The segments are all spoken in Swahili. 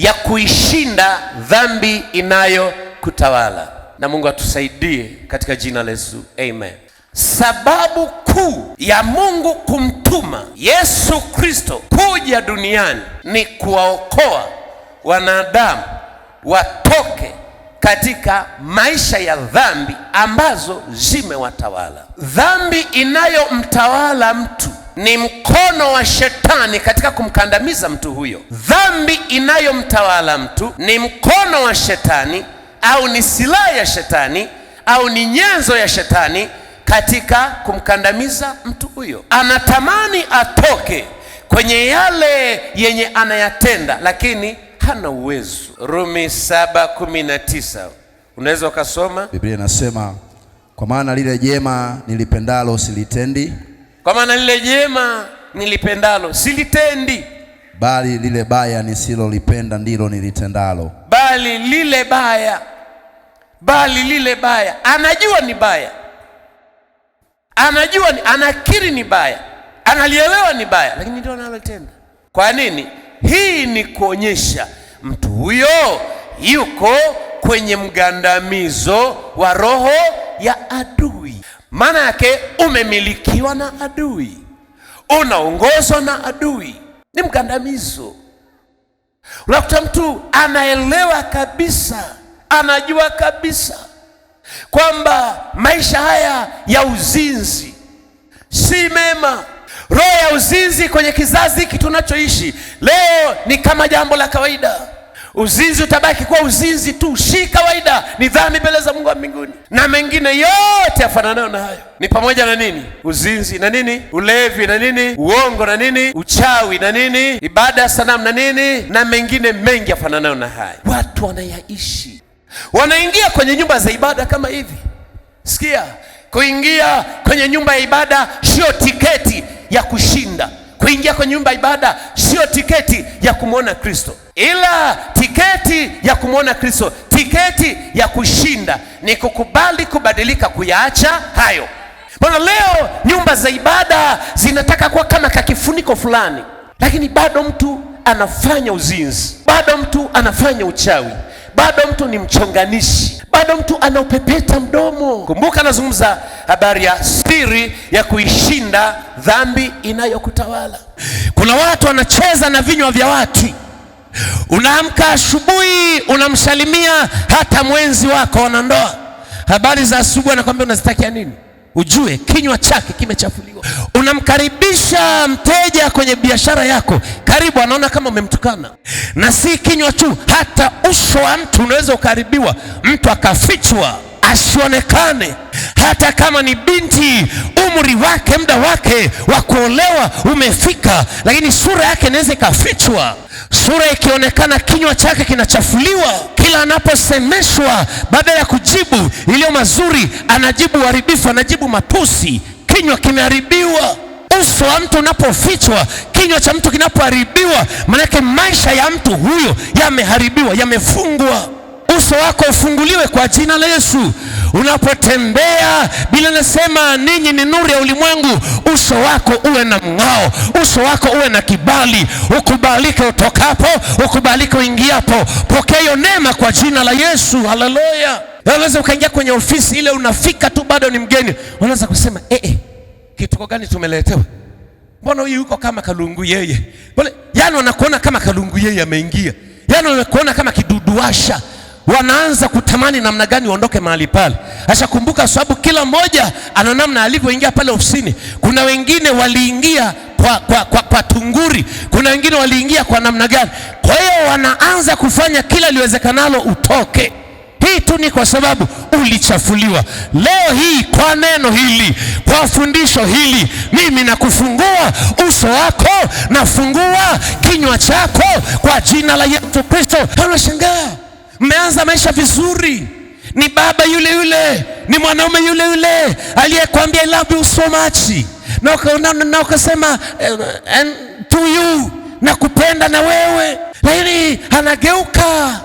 ya kuishinda dhambi inayokutawala. Na Mungu atusaidie katika jina la Yesu, amen. Sababu kuu ya Mungu kumtuma Yesu Kristo kuja duniani ni kuwaokoa wanadamu watoke katika maisha ya dhambi ambazo zimewatawala. Dhambi inayomtawala mtu ni mkono wa shetani katika kumkandamiza mtu huyo. Dhambi inayomtawala mtu ni mkono wa shetani, au ni silaha ya shetani, au ni nyenzo ya shetani katika kumkandamiza mtu huyo. Anatamani atoke kwenye yale yenye anayatenda, lakini hana uwezo. Rumi 7:19 unaweza ukasoma. Biblia inasema, kwa maana lile jema nilipendalo silitendi kwa maana lile jema nilipendalo silitendi, bali lile baya nisilolipenda ndilo nilitendalo. Bali lile baya, bali lile baya, anajua ni baya, anajua ni, anakiri ni baya, analielewa ni baya, lakini ndio analotenda. Kwa nini? Hii ni kuonyesha mtu huyo yuko kwenye mgandamizo wa roho ya adui. Maana yake umemilikiwa na adui, unaongozwa na adui, ni mgandamizo. Unakuta mtu anaelewa kabisa, anajua kabisa kwamba maisha haya ya uzinzi si mema. Roho ya uzinzi kwenye kizazi hiki tunachoishi leo ni kama jambo la kawaida. Uzinzi utabaki kuwa uzinzi tu, si kawaida, ni dhambi mbele za Mungu wa mbinguni. Na mengine yote yafananayo na hayo ni pamoja na nini? Uzinzi na nini, ulevi na nini, uongo na nini, uchawi na nini, ibada ya sanamu na nini, na mengine mengi yafananayo na hayo. Watu wanayaishi, wanaingia kwenye nyumba za ibada kama hivi. Sikia, kuingia kwenye nyumba ya ibada sio tiketi ya kushinda kuingia kwenye nyumba ibada sio tiketi ya kumwona Kristo, ila tiketi ya kumwona Kristo, tiketi ya kushinda ni kukubali kubadilika, kuyaacha hayo. Mbona leo nyumba za ibada zinataka kuwa kama kakifuniko fulani, lakini bado mtu anafanya uzinzi, bado mtu anafanya uchawi, bado mtu ni mchonganishi bado mtu anaupepeta mdomo. Kumbuka anazungumza habari ya siri ya kuishinda dhambi inayokutawala. Kuna watu wanacheza na vinywa vya watu. Unaamka asubuhi unamsalimia hata mwenzi wako wanandoa, habari za asubuhi anakwambia unazitakia nini? ujue kinywa chake kimechafuliwa. Unamkaribisha mteja kwenye biashara yako, karibu anaona kama umemtukana, na si kinywa tu, hata uso wa mtu unaweza ukaharibiwa, mtu akafichwa asionekane, hata kama ni binti, umri wake, muda wake wa kuolewa umefika, lakini sura yake inaweza ikafichwa. Sura ikionekana, kinywa chake kinachafuliwa. Kila anaposemeshwa, baada ya kujibu iliyo mazuri, anajibu uharibifu, anajibu matusi. Kinywa kimeharibiwa. Uso wa mtu unapofichwa, kinywa cha mtu kinapoharibiwa, maanake maisha ya mtu huyo yameharibiwa, yamefungwa. Uso wako ufunguliwe kwa jina la Yesu unapotembea. bila nasema ninyi ni nuru ya ulimwengu, uso wako uwe na mng'ao, uso wako uwe na kibali, ukubalike utokapo, ukubalike uingiapo. Pokea hiyo neema kwa jina la Yesu. Haleluya! Unaweza ukaingia kwenye ofisi ile, unafika tu bado ni mgeni, unaweza kusema eh, eh, kituko gani tumeletewa? Mbona huyu yuko kama kalungu yeye? Yaani wanakuona kama kalungu yeye ameingia, yaani wanakuona kama kiduduasha wanaanza kutamani namna gani waondoke mahali pale. ashakumbuka sababu kila mmoja ana namna alivyoingia pale ofisini. Kuna wengine waliingia kwa, kwa, kwa, kwa tunguri, kuna wengine waliingia kwa namna gani. Kwa hiyo wanaanza kufanya kila liwezekanalo utoke. Hii tu ni kwa sababu ulichafuliwa. Leo hii kwa neno hili, kwa fundisho hili, mimi nakufungua uso wako, nafungua kinywa chako kwa jina la Yesu Kristo. Anashangaa Mmeanza maisha vizuri, ni baba yule yule, ni mwanaume yule yule aliyekwambia I love you so much, na ukasema eh, and to you, na kupenda na wewe, lakini anageuka.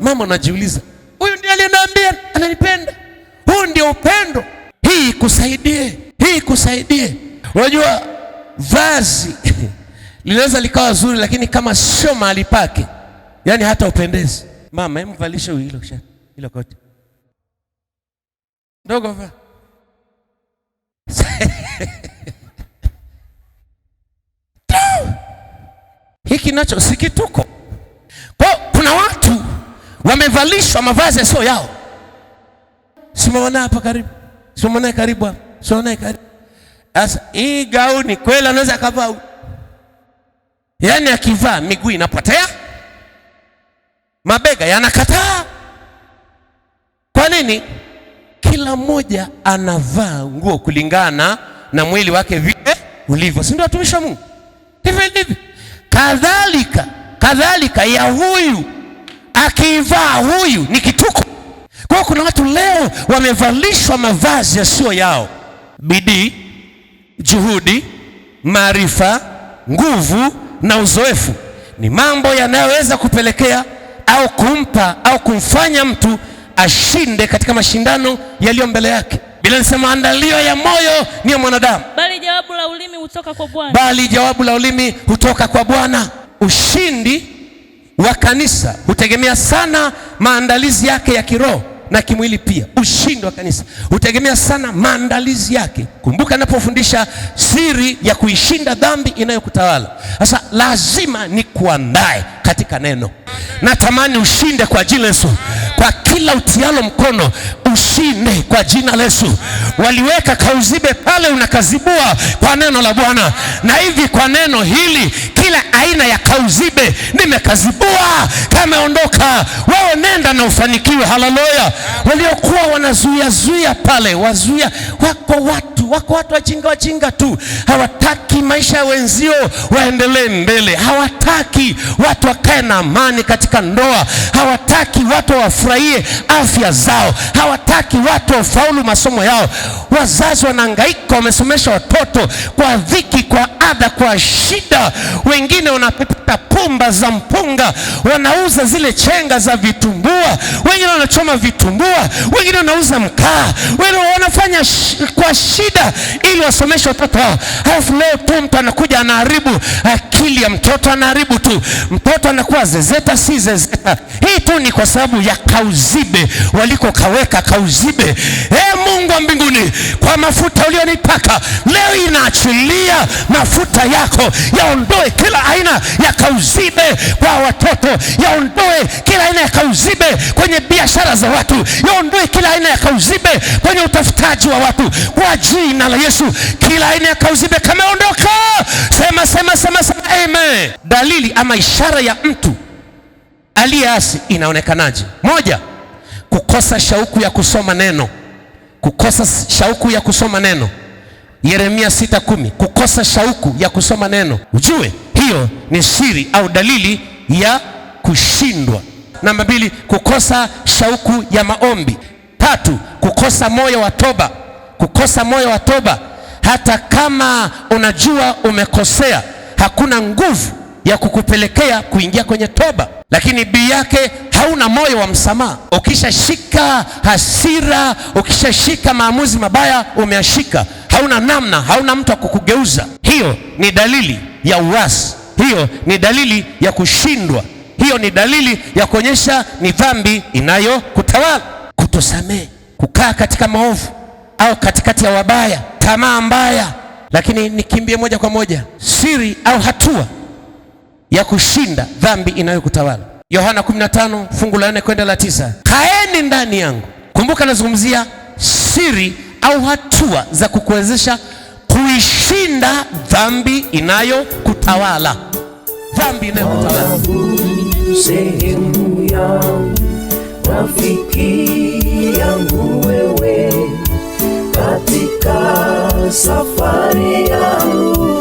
Mama anajiuliza, huyu ndiye aliyeniambia ananipenda? Huu ndio upendo? Hii kusaidie, hii ikusaidie. Unajua vazi linaweza likawa zuri, lakini kama sio mahali pake, yani hata upendezi mama, emvalishe hilo shati, hilo koti ndogo va hiki nacho si kituko. Kwa kuna watu wamevalishwa mavazi yasio yao. Simona hapa karibu, simona karibu hapa, simona karibu. Sasa hii gauni kweli anaweza akavaa, yaani akivaa miguu inapotea mabega yanakataa. Kwa nini? Kila mmoja anavaa nguo kulingana na mwili wake vile ulivyo, si ndio? Watumishi wa Mungu hivi ndivyo kadhalika. Kadhalika ya huyu akivaa huyu ni kituko. Kwa hiyo kuna watu leo wamevalishwa mavazi yasiyo yao. Bidii, juhudi, maarifa, nguvu na uzoefu ni mambo yanayoweza kupelekea au kumpa au kumfanya mtu ashinde katika mashindano yaliyo mbele yake. Bila nisema andalio ya moyo ni ya mwanadamu, bali jawabu la ulimi hutoka kwa Bwana, bali jawabu la ulimi hutoka kwa Bwana. Ushindi wa kanisa hutegemea sana maandalizi yake ya kiroho na kimwili pia. Ushindi wa kanisa hutegemea sana maandalizi yake. Kumbuka ninapofundisha siri ya kuishinda dhambi inayokutawala sasa, lazima ni kuandae katika neno. Natamani ushinde kwa jina Yesu, kwa kila utialo mkono ushinde kwa jina la Yesu. Waliweka kauzibe pale, unakazibua kwa neno la Bwana, na hivi kwa neno hili kila aina ya kauzibe nimekazibua, kameondoka. Wewe nenda na ufanikiwe. Haleluya! waliokuwa wanazuiazuia pale, wazuia wako watu, wako watu wajinga wajinga tu, hawataki maisha ya wenzio waendelee mbele, hawataki watu wakae na amani katika ndoa, hawataki watu wafurahie afya zao, hawataki watu wafaulu masomo yao. Wazazi wanahangaika, wamesomesha watoto kwa dhiki, kwa adha, kwa shida, wengine wanapata pumba za mpunga, wanauza zile chenga za vitumbu vitumbua, wengine wanachoma vitumbua, wengine wanauza mkaa, wengine wanafanya sh kwa shida ili wasomeshe watoto wao. Halafu leo tu mtu anakuja anaharibu akili ya mtoto, anaharibu tu mtoto, anakuwa zezeta si zezeta. Hii tu ni kwa sababu ya kauzibe walikokaweka kauzibe. Ee Mungu wa mbinguni, kwa mafuta ulionipaka leo, inaachilia mafuta yako yaondoe kila aina ya kauzibe kwa watoto, yaondoe kila aina ya kauzibe kwenye biashara za watu, yaondoe kila aina ya kauzibe kwenye utafutaji wa watu kwa jina la Yesu. Kila aina ya kauzibe kameondoka. Sema, sema, sema, sema amen. Dalili ama ishara ya mtu aliyeasi inaonekanaje? Moja, kukosa shauku ya kusoma neno, kukosa shauku ya kusoma neno. Yeremia 6:10, kukosa shauku ya kusoma neno. Ujue hiyo ni siri au dalili ya kushindwa Namba mbili, kukosa shauku ya maombi. Tatu, kukosa moyo wa toba, kukosa moyo wa toba. Hata kama unajua umekosea, hakuna nguvu ya kukupelekea kuingia kwenye toba, lakini bii yake hauna moyo wa msamaha. Ukishashika hasira, ukishashika maamuzi mabaya, umeashika, hauna namna, hauna mtu wa kukugeuza. Hiyo ni dalili ya uasi, hiyo ni dalili ya kushindwa hiyo ni dalili ya kuonyesha ni dhambi inayokutawala. Kutosamehe, kukaa katika maovu au katikati ya wabaya, tamaa mbaya. Lakini nikimbie moja kwa moja siri au hatua ya kushinda dhambi inayokutawala Yohana 15 fungu la 4 kwenda la tisa, kaeni ndani yangu. Kumbuka nazungumzia siri au hatua za kukuwezesha kuishinda dhambi inayokutawala, dhambi inayokutawala sehemu yangu, rafiki yangu wewe, katika safari yangu